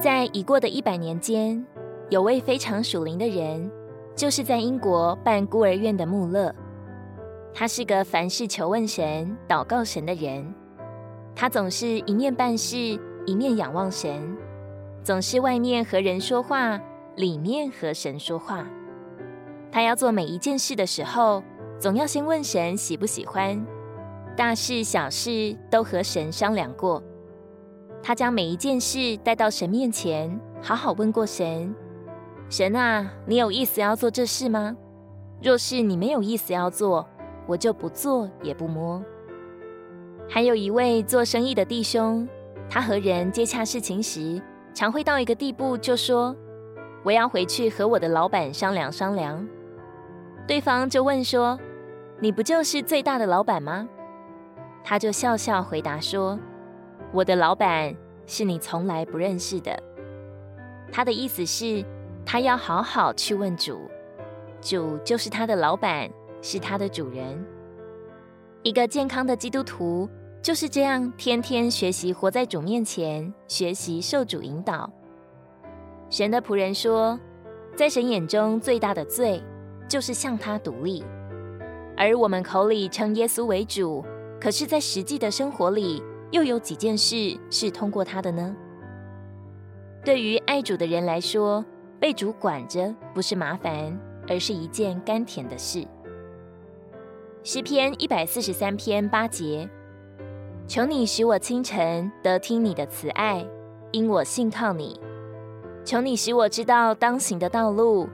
在已過的一百年間，有位非常屬靈的人，就是在英國辦孤兒院的穆勒。他是個凡事求問神、禱告神的人。他總是一面辦事，一面仰望神；總是外面和人說話，裡面和神說話。他要做每一件事的時候，總要先問神喜不喜歡，大事小事都和神商量過。他將每一件事帶到神面前，好好問過神：“神啊，你有意思要做這事嗎？若是你沒有意思要做，我就不做也不摸。”還有一位做生意的弟兄，他和人接洽事情時，常會到一個地步就說：“我要回去和我的老闆商量商量。”對方就問說：“你不就是最大的老闆嗎？”他就笑笑回答說，我的老闆是你從來不認識的，他的意思是，他要好好去問主，主就是他的老闆，是他的主人。一個健康的基督徒就是這樣，天天學習活在主面前，學習受主引導。神的僕人說，在神眼中最大的罪就是向他獨立，而我們口裡稱耶穌為主，可是，在實際的生活裡，又有幾件事是通過他的呢？對於愛主的人來說，被主管着不是麻煩，而是一件甘甜的事。詩篇一百四十三篇八節：求你使我清晨得聽你的慈愛，因我信靠你；求你使我知道當行的道路，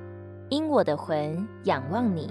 因我的魂仰望你。